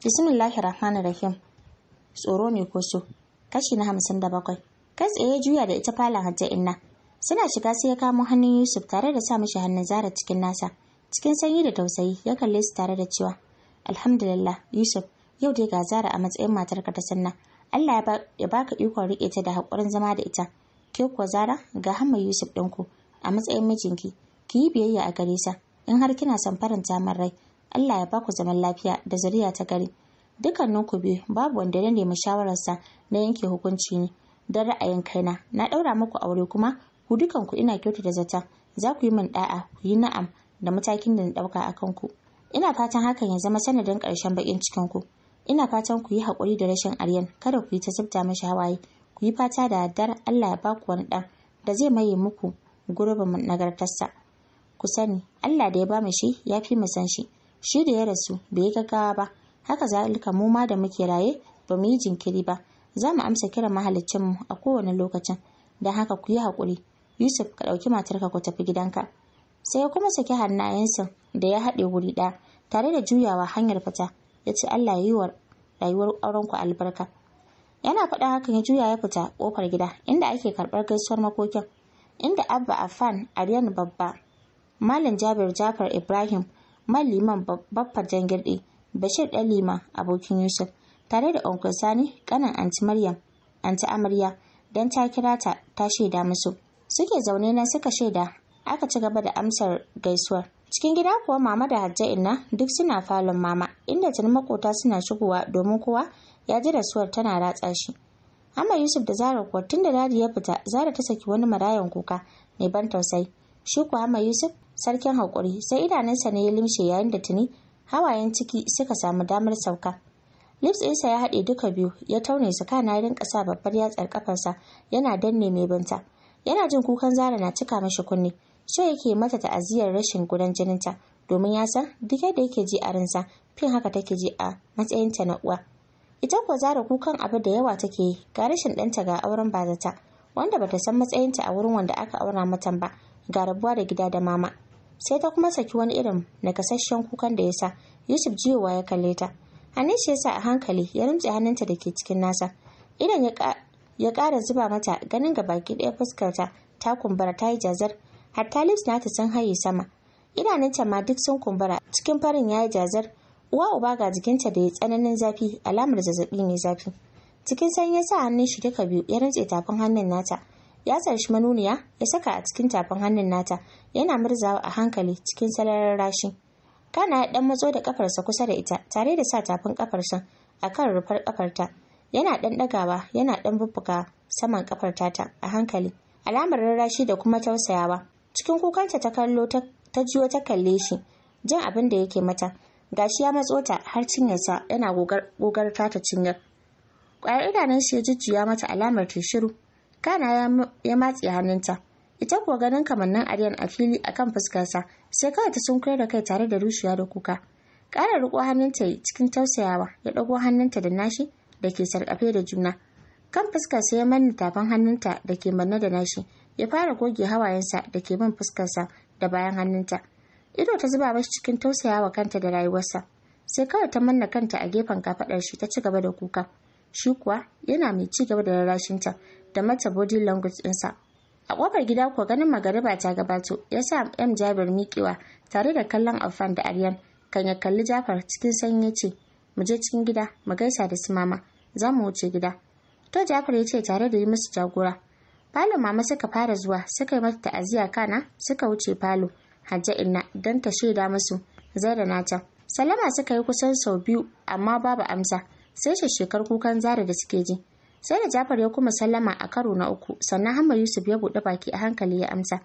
bismillahir rahmanir rahim tsoro ne ko so kashi na hamsin da bakwai kai tsaye juya da ita falon hajja inna suna shiga sai ya kamo hannun yusuf tare da sa mishi hannun zara cikin nasa cikin sanyi da tausayi ya kalle su tare da cewa alhamdulillah yusuf yau dai ga zara a matsayin matarka ta sannan allah ya baka ikon rike ta da haƙurin zama da ita ke kuwa zara ga hamma yusuf ɗinku a matsayin mijinki ki yi biyayya a gare sa in har kina son faranta min rai Allah ya baku zaman lafiya da zuriya ta gari dukkanin biyu babu wanda ya nemi shawararsa na yanke hukunci ne don ra'ayin kaina na ɗaura muku aure kuma ku dukanku ina da zata za ku yi min da'a ku yi na'am da matakin da na ɗauka a kanku ina fatan hakan ya zama sanadin ƙarshen baƙin cikin ku ina fatan ku yi haƙuri da rashin aryan kada ku yi ta zubta mashi hawaye ku yi fata da dar Allah ya baku wani ɗan da zai maye muku gurbin nagartarsa ku sani Allah da ya ba mu shi ya fi mu san shi shi da ya rasu bai yi gaggawa ba haka zalika mu ma da muke raye ba mu yi jinkiri ba za mu amsa kiran mahalicinmu a kowane lokacin don haka ku yi haƙuri yusuf ka ɗauki matarka ku tafi gidanka sai ya kuma saki hannayensa da ya haɗe wuri ɗaya tare da juyawa hanyar fita ya ce allah ya yi wa rayuwar ku albarka yana faɗa hakan ya juya ya fita ƙofar gida inda ake karɓar gaisuwar makokin inda abba afan aryan babba malam jabir jafar ibrahim Malliman Baffa Jangirde, Bashir ɗan lima abokin Yusuf, tare da onkul Sani kanan Anti Maryam, Anti Amarya, dan ta kira ta ta shaida musu. Suke zaune nan suka shaida, aka ci gaba da amsar gaisuwar. Cikin gida kuwa mama da Hajja Inna duk suna falon mama, inda tun makota suna shigowa domin kowa ya ji rasuwar tana ratsa shi. Amma Yusuf da Zara kuwa tun da dadi ya fita, Zara ta saki wani marayan kuka mai ban tausayi. Shi kuwa Amma Yusuf sarkin haƙuri sai idanunsa ne ya limshe yayin da tuni hawayen ciki suka samu damar sauka lips ɗinsa ya haɗe duka biyu ya taune su kana ya ƙasa babbar yatsar kafarsa yana danne mai banta yana jin kukan zara na cika mashi kunne so yake mata ta'aziyar rashin gudan jininta domin ya san duk yadda yake ji a ransa fin haka take ji a matsayinta na uwa ita kuwa zara kukan abu da yawa take yi ga rashin ɗanta ga auren bazata wanda bata san matsayinta a wurin wanda aka aura mata ba ga rabuwa da gida da mama sai ta kuma saki wani irin nakasasshen kukan da ya sa yusuf jiyowa ya kalle ta anisha ya sa a hankali ya rumtse hannunta da ke cikin nasa idan ya kara zuba mata ganin ga baki ɗaya fuskarta ta kumbura ta yi jazar hatta lips nata sun haye sama idanunta ma duk sun kumbura cikin farin ya yi jazar uwa uba ga jikinta da ya tsananin zafi alamar zazzaɓi mai zafi cikin sanyi ya sa hannun shi duka biyu ya rantse tafin hannun nata ya sarshi manuniya ya saka a cikin tafin hannun nata yana murzawa a hankali cikin salarar rashi kana ya dan matso da kafarsa kusa da ita tare da sa tafin kafarsa a kan rufar kafarta yana dan dagawa yana dan bubbuga saman kafar tata a hankali alamar rarrashi da kuma tausayawa cikin kukanta ta kallo ta jiyo ta kalle shi jin abin da yake mata gashi ya matso ta har cinyarsa yana gogar ta cinyar kwayar idanun shi ya jujjuya mata alamar ta shiru kana ya matse hannunta ita kuwa ganin kamannin aryan a fili akan fuskarsa sai kawai ta sunkuyar da kai tare da rushiya da kuka ƙara riko hannunta yi cikin tausayawa ya ɗago hannunta da nashi da ke sarƙafe da juna kan fuskarsa ya manna tafan hannunta da ke manne da nashi ya fara goge hawayensa da ke bin fuskarsa da bayan hannunta ido ta zuba mashi cikin tausayawa kanta da rayuwarsa sai kawai ta manna kanta a gefen kafaɗar shi ta ci gaba da kuka shi kuwa yana mai ci gaba da rarashinta da mata body language ɗinsa a ƙofar gida kuwa ganin magariba ta gabato ya sa m jabir miƙewa tare da kallon Alfan da aryan kan ya kalli jafar cikin sanyi ce mu je cikin gida mu gaisa da su mama za mu wuce gida to jafar ya ce tare da yi musu jagora Palo mama suka fara zuwa suka yi mata ta'aziyya kana suka wuce falo hajja inna don ta shaida musu da nata salama suka yi kusan sau biyu amma babu amsa sai shekar kukan zara da suke ji sai da jafar ya kuma sallama a karo na uku sannan hamma yusuf ya buɗe baki a hankali ya amsa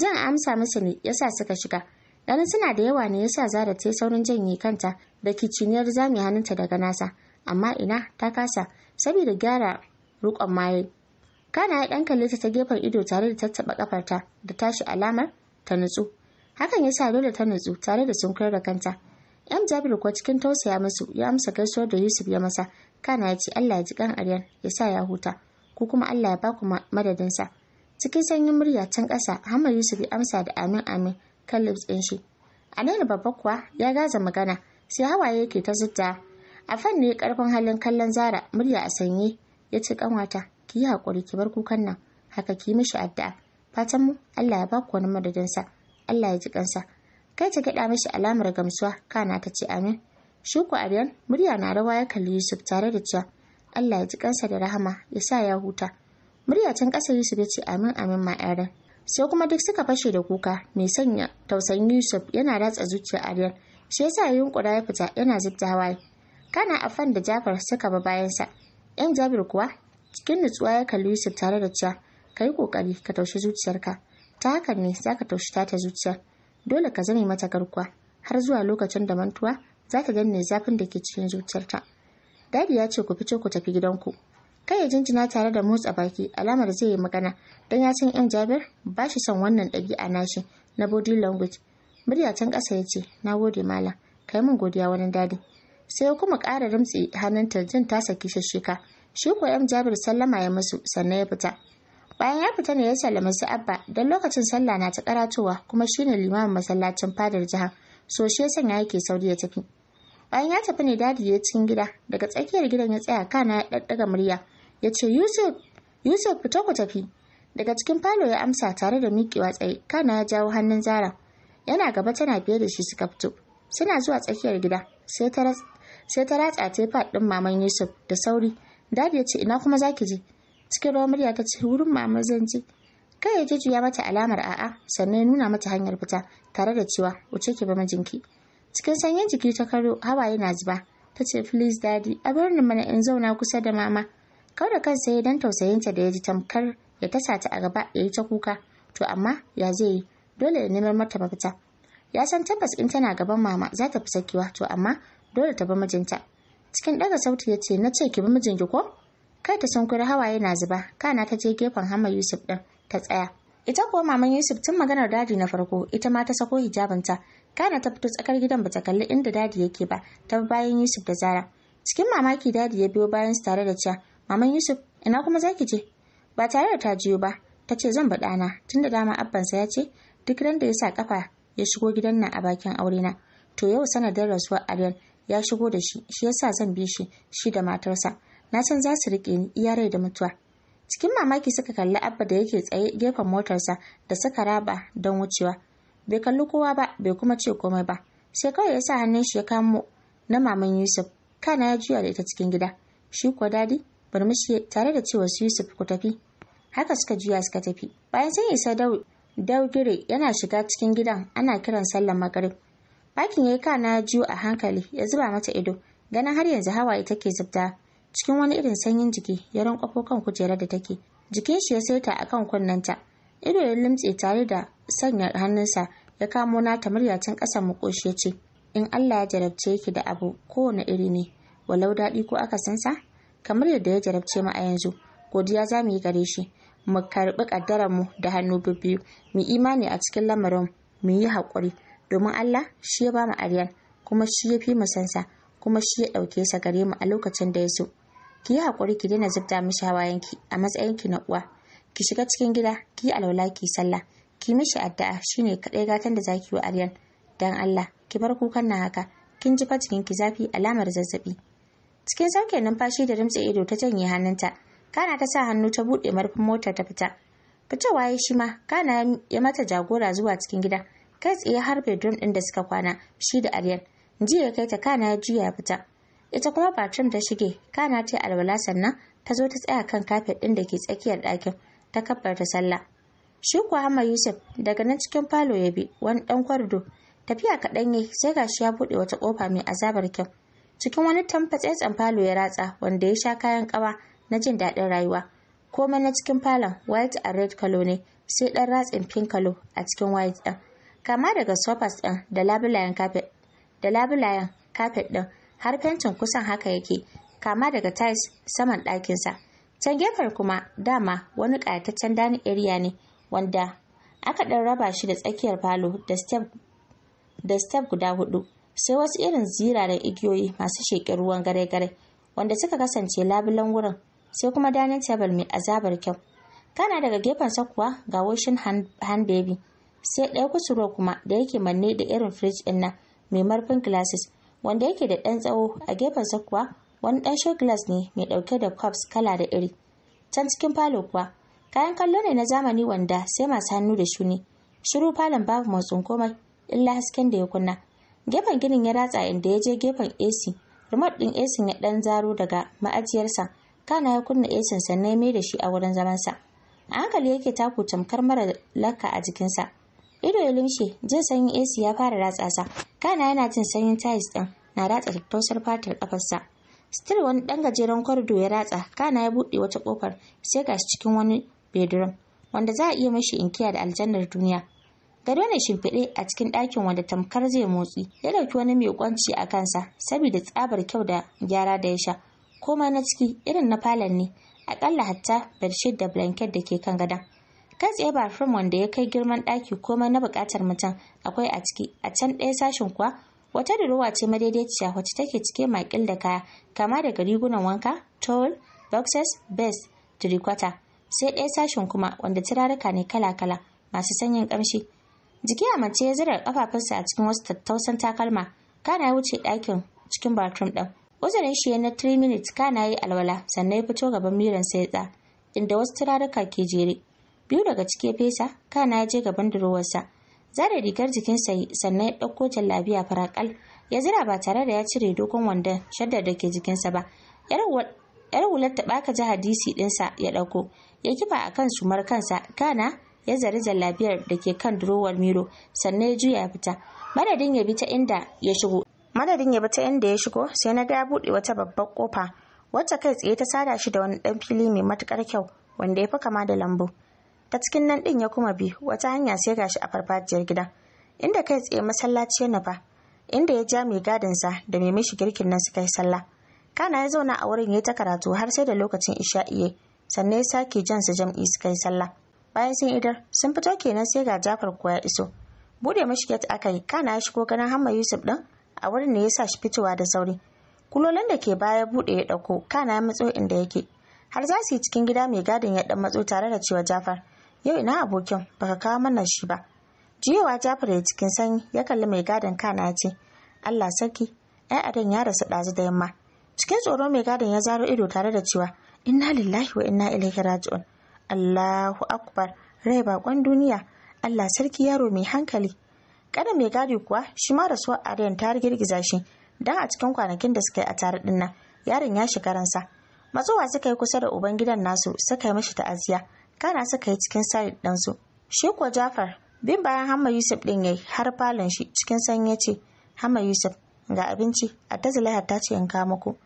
jan amsa masa ne ya sa suka shiga ganin suna da yawa ne ya sa zara ta yi saurin janye kanta da kiciniyar zami hannunta daga nasa amma ina ta kasa saboda gyara rukon maye kana ya ɗan kalle ta gefen ido tare da tattaɓa ƙafarta da tashi alamar ta nutsu hakan ya sa dole ta nutsu tare da sunkar da kanta yan jabiru kuwa cikin tausaya musu ya amsa gaisuwar da yusuf ya masa kana ya ce allah ya ji kan aryan ya sa ya huta ku kuma allah ya baku madadinsa cikin sanyin murya can ƙasa hamar yusuf ya amsa da amin amin kan lips ɗin shi a nan babba kuwa ya gaza magana sai hawaye yake ta zutta a fanni karfin halin kallon zara murya a sanye ya ce kanwata ki yi haƙuri ki bar kukan nan haka ki mishi addu'a fatan mu Allah ya baku wani madadinsa Allah ya ji kansa kai ta gyaɗa mashi alamar gamsuwa kana ta ce amin shuku abiyan murya na rawa ya kalli yusuf tare da cewa allah ya ji kansa da rahama ya sa ya huta murya can ƙasa yusuf ya ce amin amin ma yaran sai kuma duk suka fashe da kuka mai sanya tausayin yusuf yana ratsa zuciyar aryan shi yasa ya yunkura ya fita yana zubta hawaye kana fan da jafar suka ba bayansa yan jabir kuwa cikin nutsuwa ya kalli yusuf tare da cewa ka yi ƙoƙari ka taushe zuciyarka ta hakan ne za ka taushi ta zuciyar dole ka zame mata garkuwa har zuwa lokacin da mantuwa za ta danne zafin da ke cikin zuciyarta dadi ya ce ku fice ku tafi gidanku kai ya jinjina tare da motsa baki alamar zai yi magana don ya san yan jabir ba shi son wannan ɗabi'a nashi na body language murya can ƙasa ya ce na gode malam kai min godiya wani dadi sai ya kuma ƙara rimtsi hannunta jin ta saki shashshika. shi ko yan jabir sallama ya masu, sannan ya fita bayan ya fita ne ya sallama su abba don lokacin sallah na ta karatowa kuma shine limamin masallacin fadar jihar so shi yasan ya yake sauri ya tafi bayan ya tafi ne dadi ya cikin gida daga tsakiyar gidan ya tsaya kana ya daddaga murya ya ce yusuf yusuf fito ku tafi daga cikin falo ya amsa tare da miƙewa tsaye kana ya jawo hannun zara yana gaba tana biye da shi suka fito suna zuwa tsakiyar gida sai ta ratsa ta ɗin maman yusuf da sauri dadi ya ce ina kuma zaki je cikin ruwan murya ta ce wurin mama zan je kai ya jujjuya mata alamar a'a sannan ya nuna mata hanyar fita tare da cewa wuce ki ba mijinki cikin sanyin jiki ta karo hawa yana zuba ta ce please daddy a bar ni mana in zauna kusa da mama Kau da kansa ya dan tausayinta da ya ji tamkar ya tasa ta a gaba ya yi ta kuka to amma ya zai yi dole ya neman mata mafita ya san tabbas in tana gaban mama za ta fi sakewa to amma dole ta bi mijinta cikin ɗaga sauti ya ce na ce ki bi mijinki ko kai ta sunkuri hawaye na zuba kana ta je gefen hama yusuf din, ta tsaya ita kuwa maman yusuf tun maganar dadi na farko ita ma ta sako hijabinta kana ta fito tsakar gidan bata kalli inda dadi yake ba ta bayan yusuf da zara cikin mamaki dadi ya biyo bayan su tare da cewa maman yusuf ina kuma zaki je ba tare da ta jiyo ba ta ce zan baɗa na tunda dama abbansa ya ce duk ran da ya sa kafa ya shigo gidan nan a bakin aure na to yau sanadin rasuwar Ariel ya shigo da shi shi yasa zan bi shi shi da matarsa na san za su riƙe ni iya rai da mutuwa cikin mamaki suka kalli abba da yake tsaye gefen motarsa da suka raba don wucewa bai kalli kowa ba bai kuma ce komai ba sai kawai ya sa hannun shi ya kamo na maman yusuf kana ya juya da ita cikin gida shi kuwa dadi murmushi tare da cewa su yusuf ku tafi haka suka juya suka tafi bayan sun isa daugire yana shiga cikin gidan ana kiran sallar magrib bakin ya yi kana ya juyo a hankali ya zuba mata ido ganin har yanzu hawaye take zubta cikin wani irin sanyin jiki ya rankwafo kan kujerar da take jikin shi ya saita a kan kunnenta ido ya limtse tare da sanya hannunsa ya kamo nata murya can ƙasan makoshi ya ce in Allah ya jarabce ki da abu kowane iri ne walau daɗi ko akasinsa kamar yadda ya jarabce mu a yanzu godiya za mu yi gare shi mu karɓi mu da hannu biyu mu imani a cikin lamarin mu yi haƙuri domin Allah shi ya ba mu aryan kuma shi ya fi mu sansa kuma shi ya ɗauke sa gare mu a lokacin da ya so ki yi haƙuri ki daina zubda mishi hawayenki a matsayin ki na uwa ki shiga cikin gida ki yi alwala ki sallah ki mishi addu'a shine kaɗai gatan da zaki wa aryan dan Allah ki bar kukan na haka kin ji cikin ki zafi alamar zazzabi cikin sauke numfashi da rimtsa ido ta janye hannunta kana ta sa hannu ta buɗe marfin motar ta fita fitowa ya shi ma kana ya mata jagora zuwa cikin gida kai tsaye har bedroom ɗin da suka kwana shi da aryan jiya ya kai ta kana ya juya ya fita ita kuma batrum ta shige kana ta alwala sannan ta zo ta tsaya kan kafet ɗin da ke tsakiyar ɗakin ta kabbar ta sallah shi kuwa Ahmad Yusuf daga nan cikin falo ya bi wani ɗan kwardo tafiya kaɗan yi sai shi ya buɗe wata ƙofa mai azabar kyau cikin wani tamfatsetsen falo ya ratsa wanda ya sha kayan ƙawa na jin daɗin rayuwa komai na cikin falon white and red kalo ne sai ɗan ratsin pink color a cikin white ɗin kama daga sofas ɗin da labulayen kafet da labulayen kafet ɗin har fentin kusan haka yake kama daga tiles saman ɗakinsa can gefen kuma dama wani ƙayataccen dani area ne wanda aka ɗan raba shi da tsakiyar falo da step guda hudu sai wasu irin ziraren igiyoyi masu sheƙin ruwan gare-gare wanda suka kasance labulan wurin sai kuma dining table mai azabar kyau kana daga gefen sakuwa, ga washin hand baby sai ɗaya kusurwa kuma da yake manne da irin fridge ɗin nan mai marfin glasses wanda yake da ɗan tsawo a gefen gefensa kuwa wani ɗan show glass ne mai ɗauke da cups kala da iri can cikin falo kuwa kayan kallo ne na zamani wanda sai masu hannu da shuni shiru falon babu motsin komai illa hasken da ya kunna gefen ginin ya ratsa inda ya je gefen ac remote ɗin ac ya ɗan zaro daga ma'ajiyarsa kana ya kunna ac sannan ya mai da shi a wurin zamansa a hankali yake taku tamkar mara laka a jikinsa ido ya lumshe jin sanyin ac ya fara ratsa sa kana yana jin sanyin tiles din na ratsa tattausar fatar kafarsa still wani dan gajeren kwardo ya ratsa kana ya buɗe wata kofar sai gashi cikin wani bedroom wanda za a iya mashi inkiya da aljannar duniya gado ne shimfiɗe a cikin ɗakin wanda tamkar zai motsi ya ɗauki wani mai kwanci a kansa saboda tsabar kyau da gyara da ya sha komai na ciki irin na falon ne akalla hatta bedsheet da blanket da ke kan gadon kai tsaye ba firin wanda ya kai girman ɗaki komai na buƙatar mutum akwai a ciki a can ɗaya sashin kuwa wata durowa ce madaidaiciya wacce take cike makil da kaya kama daga rigunan wanka towel boxes base tirikwata sai ɗaya sashin kuma wanda turaruka ne kala-kala masu sanyin ƙamshi jiki a mace ya zira ƙafafunsa a cikin wasu tattausan takalma kana ya wuce ɗakin cikin bathroom ɗin uzurin shi na 3 minutes kana yi alwala sannan ya fito gaban miran sai ya inda wasu turaruka ke jere biyu daga cikin fesa kana ya je gaban durowarsa zare rigar jikin jikinsa sannan ya ɗauko jallabiya farakal ya zira ba tare da ya cire dogon wandon shaddar da ke jikinsa ba yar hular ta baka ji hadisi dinsa ya ɗauko ya kifa a kan sumar kansa kana ya zari jallabiyar da ke kan durowar miro sannan ya juya ya fita madadin ya bi ta inda ya shigo madadin ya bi ta inda ya shigo sai na ga ya buɗe wata babbar kofa wacce kai tsaye ta sada shi da wani dan fili mai matukar kyau wanda ya fi kama da lambu ta cikin nan din ya kuma bi wata hanya sai gashi a farfajiyar gidan inda kai tsaye masallaci na ba inda ya ja mai gadinsa da mai mishi girkin nan suka yi sallah kana ya zauna a wurin ya ta karatu har sai da lokacin isha'iye sannan ya sake jan su jam'i suka yi sallah bayan sun idar sun fito kenan sai ga jafar kuwa ya iso bude mashi gate aka yi kana ya shigo ganin hamma yusuf din a wurin ne ya sa shi fitowa da sauri kulolin da ke baya bude ya dauko kana ya matso inda yake har za su yi cikin gida mai gadin ya dan matso tare da cewa jafar yau ina abokin baka kawo mana shi ba jiyowa jafar ya cikin sanyi ya kalli mai gadin kana ya ce allah sarki ai adon ya rasa ɗazu da yamma cikin tsoro mai gadin ya zaro ido tare da cewa inna lillahi wa inna ilaihi raji'un allahu akbar rai bakon duniya allah sarki yaro mai hankali kada mai gadi kuwa shi ma rasuwar adan ta girgiza shi dan a cikin kwanakin da suka yi a tare dinnan yaron ya shiga ransa matsowa suka yi kusa da ubangidan nasu suka yi mashi ta'aziya kana suka yi cikin sari ɗansu shi kuwa jafar bin bayan hamma yusuf ɗin yi har falon shi cikin sanyi ya ce hamma yusuf ga abinci a ta ta ce in kama muku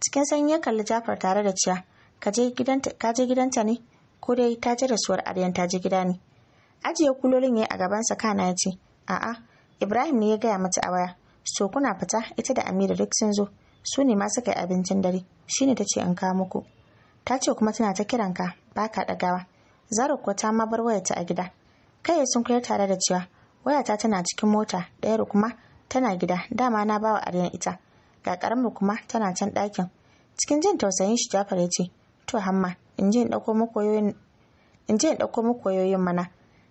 cikin sanyi ya kalli jafar tare da ciya ka je gidanta ne ko dai ta je da suwar aryan ta je gida ne ajiye kulolin yayi a gabansa kana ya ce a'a ibrahim ne ya gaya mata a waya so kuna fita ita da amira duk sun zo su ne ma suka yi abincin dare Shi ne ta ce in kama muku ta ce kuma tana ta kiranka baka ɗagawa Zaro ko ta ma bar wayarta a gida kai sun koyar tare da cewa wayata tana cikin mota ɗayar kuma tana gida dama na bawa aryan ita ga karamar kuma tana can ɗakin cikin jin tausayin shi jafar ya ce to hamma in je in ɗauko muku mana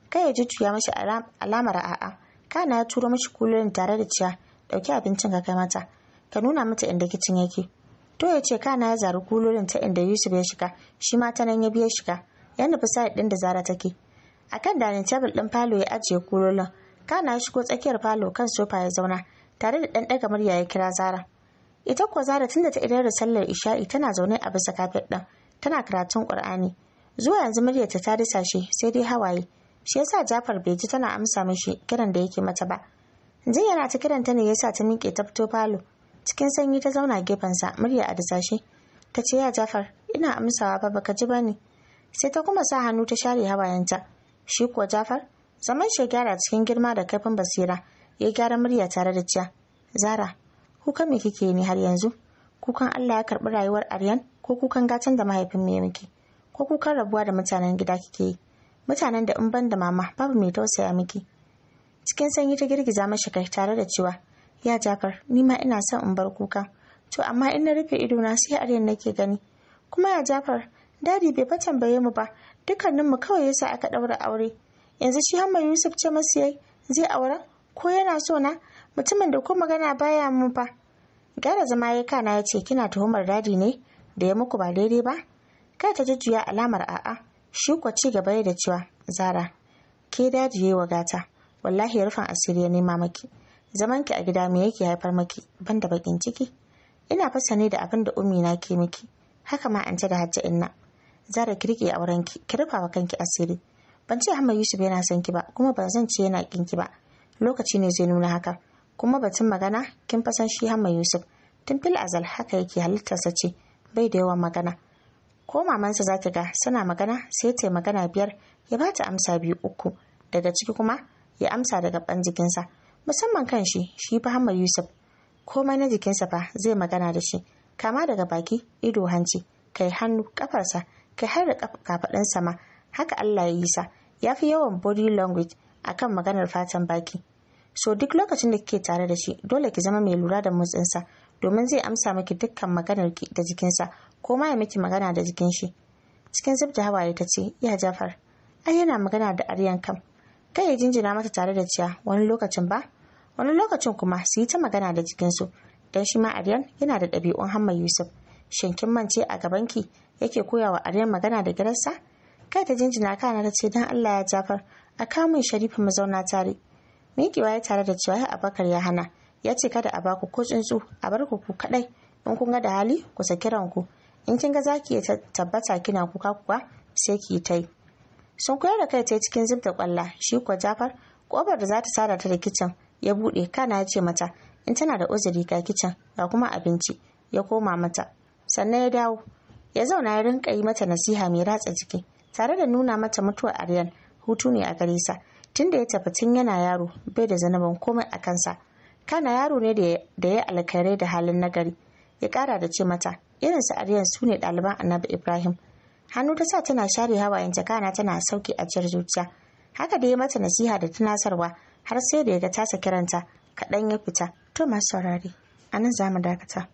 kai ya ji tuya mashi alamar a'a kana ya turo mashi kulolin tare da cewa ɗauki abincin ka kai mata ka nuna mata inda kicin yake to ya ce kana ya zari kulolin ta inda yusuf ya shiga shi ma ta nan ya biya shiga ya nufi sa'id din da zara take a kan dining table din falo ya ajiye kulolin kana ya shigo tsakiyar falo kan sofa ya zauna tare da ɗan ɗaga murya ya kira zara ita kuwa zara tunda ta idar da sallar isha'i tana zaune a bisa kafet ɗin tana karatun ƙur'ani zuwa yanzu murya ta risa shi sai dai hawaye shi yasa jafar bai ji tana amsa mishi kiran da yake mata ba jin yana ta kiranta ne yasa ta miƙe ta fito falo cikin sanyi ta zauna gefensa murya a dasashe ta ce ya jafar ina amsawa ba baka ji bane sai ta kuma sa hannu ta share hawayenta shi kuwa jafar zaman shi gyara cikin girma da kaifin basira ya gyara murya tare da ciya zara kuka me kike ne har yanzu kukan allah ya karbi rayuwar aryan ko kukan gatan da mahaifin me miki ko kukan rabuwa da mutanen gida kike yi mutanen da in ban da mama babu mai tausaya miki cikin sanyi ta girgiza mashi kai tare da cewa ya jakar ni ma ina son in bar kuka to amma in na rufe na sai aryan nake gani kuma ya Jafar dadi bai fa tambaye mu ba mu kawai yasa aka ɗaura aure yanzu shi hamma yusuf ce masu yayi zai aura ko yana so na mutumin da ko magana baya mu ba gara zama ya kana ya ce kina tuhumar dadi ne da ya muku ba daidai ba kai ta jujjuya alamar a'a shi kuwa ci gaba da cewa zara ke daji yayi wa gata wallahi rufin asiri ya mamaki maki Zamanki a gida me yake haifar maki ban da bakin ciki ina fasa ne da abin da ummi na ke miki haka ma an ce da hajja inna zara ki rike auren ki ki rufa wa kanki asiri ban ce Ahmad Yusuf yana son ki ba kuma ba zan ce yana kin ki ba lokaci ne zai nuna haka kuma batun magana kin fasan shi Ahmad Yusuf tun fil azal haka yake sa ce bai da yawan magana ko mamansa za ta ga suna magana sai ta magana biyar ya ba ta amsa biyu uku daga ciki kuma ya amsa daga ban jikinsa musamman kan shi shi fa Ahmad Yusuf komai na jikinsa fa zai magana da shi kama daga baki ido hanci kai hannu kafarsa kai har da kafadansa sama, haka Allah ya yi sa ya fi yawan body language akan maganar fatan baki so duk lokacin da kike tare da shi dole ki zama mai lura da motsinsa domin zai amsa miki dukkan maganar ki da jikinsa ko ma ya miki magana da jikin shi cikin zubda hawaye ta ce ya Jafar ai yana magana da Aryan kam kai ya jinjina mata tare da ciya wani lokacin ba wani lokacin kuma su yi ta magana da jikinsu don shi ma aryan yana da ɗabi'un hamma yusuf shin kin mance a gabanki yake koya wa aryan magana da gidansa kai ta jinjina kana ta ce don allah ya jafar a kamun sharifa mu zauna tare miƙewa ya tare da cewa abakar ya hana ya ce kada a baku ko tsuntsu a bar ku kaɗai in kun ga da hali ku saki ranku in kin ga za ki tabbata kina kuka kuka sai ki ta yi sun koyar da kai ta cikin zub da kwalla shi kuwa jafar Kobar da za ta sada ta da kicin ya buɗe kana ya ce mata in tana da uzuri ga kicin ga kuma abinci ya koma mata sannan ya dawo ya zauna ya rinka yi mata nasiha mai ratsa jiki tare da nuna mata mutuwar aryan hutu ne a gare sa tunda ya tafi tun yana yaro bai da zanaban komai a kansa kana yaro ne da ya alkairai da halin nagari ya kara da ce mata irin su aryan su ne ɗaliban annabi ibrahim hannu ta sa tana share hawayen kana tana sauki a cikin zuciya haka da ya mata nasiha da tunasarwa har sai da ya ga tasa kiranta kaɗan ya fita to masu saurari a nan za mu dakata